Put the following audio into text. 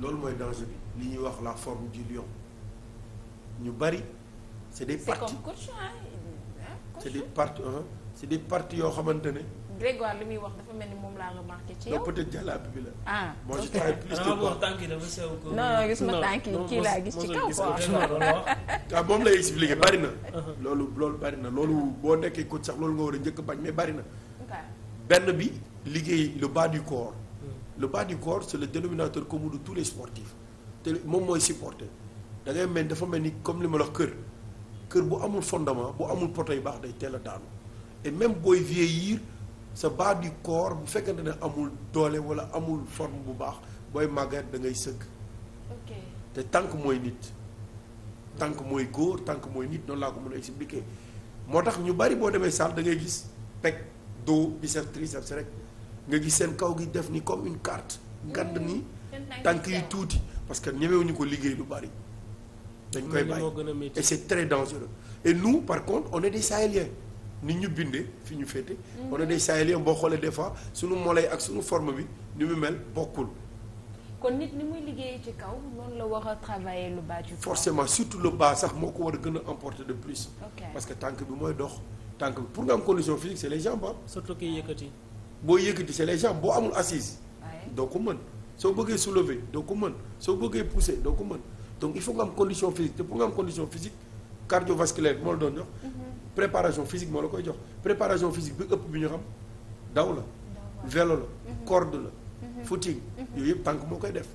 loolu mooy danger bi li ñuy wax la forme du lion ñu bari c'est des partis c'est comme coach c'est des partis partis yoo xamante ne. Grégoire li muy wax dafa mel ni moom laa remarqué ci yow. non peut bi la. ah ok moi je travaille plus de ah, quoi. tànk yi dafa sew ko. non non gis ma tànk yi kii laa gis ci kaw quoi. Ah, moom lay expliqué bari na. Uh-huh. loolu loolu bari na loolu boo nekkee coach sax loolu nga war a njëkk bañ mais bari na. benn bi liggéey le bas du corps. le bas du corps c'est la dénominateur commun de tous les sportifs te moom mooy supporter dangay mel ni dafa mel ni comme li ma la kër kër bu amul fondement bu amul poto yu baax day teel a daanu et même booy vieillir sa bas du corps bu fekkente ne amul doole wala amul forme bu baax booy màggat da ngay sëkk. te tànk mooy nit. tànk mooy góor tànk mooy nit noonu laa ko mën a expliquer moo tax ñu bari boo demee salle da ngay gis pec dos biceps triceps rek. nga gis seen kaw gi def ni comme une carte ngand ni mm. tànk yi tuuti parce que ñemewuñu ko liggéey lu bari dañ koy bàyyi et c'est très dangereux et nous par contre on est des sahéliens ni ñu bindee fi ñu féete mm. on est des boo xoolee des fois suñu molay ak suñu forme bi ni mu mel bokkul kon nit ni muy liggéey ci kaw noonu la war a travailler le bas forcément surtout le bas sax moo ko war a gën a emporter de plus parce que tànk bi mooy dox tànk bi pour nga am condition physique c'est les jambes boo yëkkati c'est les gens boo amul assise doo ko mën soo bëggee soulever doo ko mën soo bëggee pousser doo ko mën donc il faut nga am condition physique te pour nga am condition physique cardiovasculaire moo la doon jox mhm. préparation physique moo la koy jox préparation physique bi ëpp bi ñu xam daw la vélo la mhm. corde la mhm. footing yooyu yëpp tànk moo koy def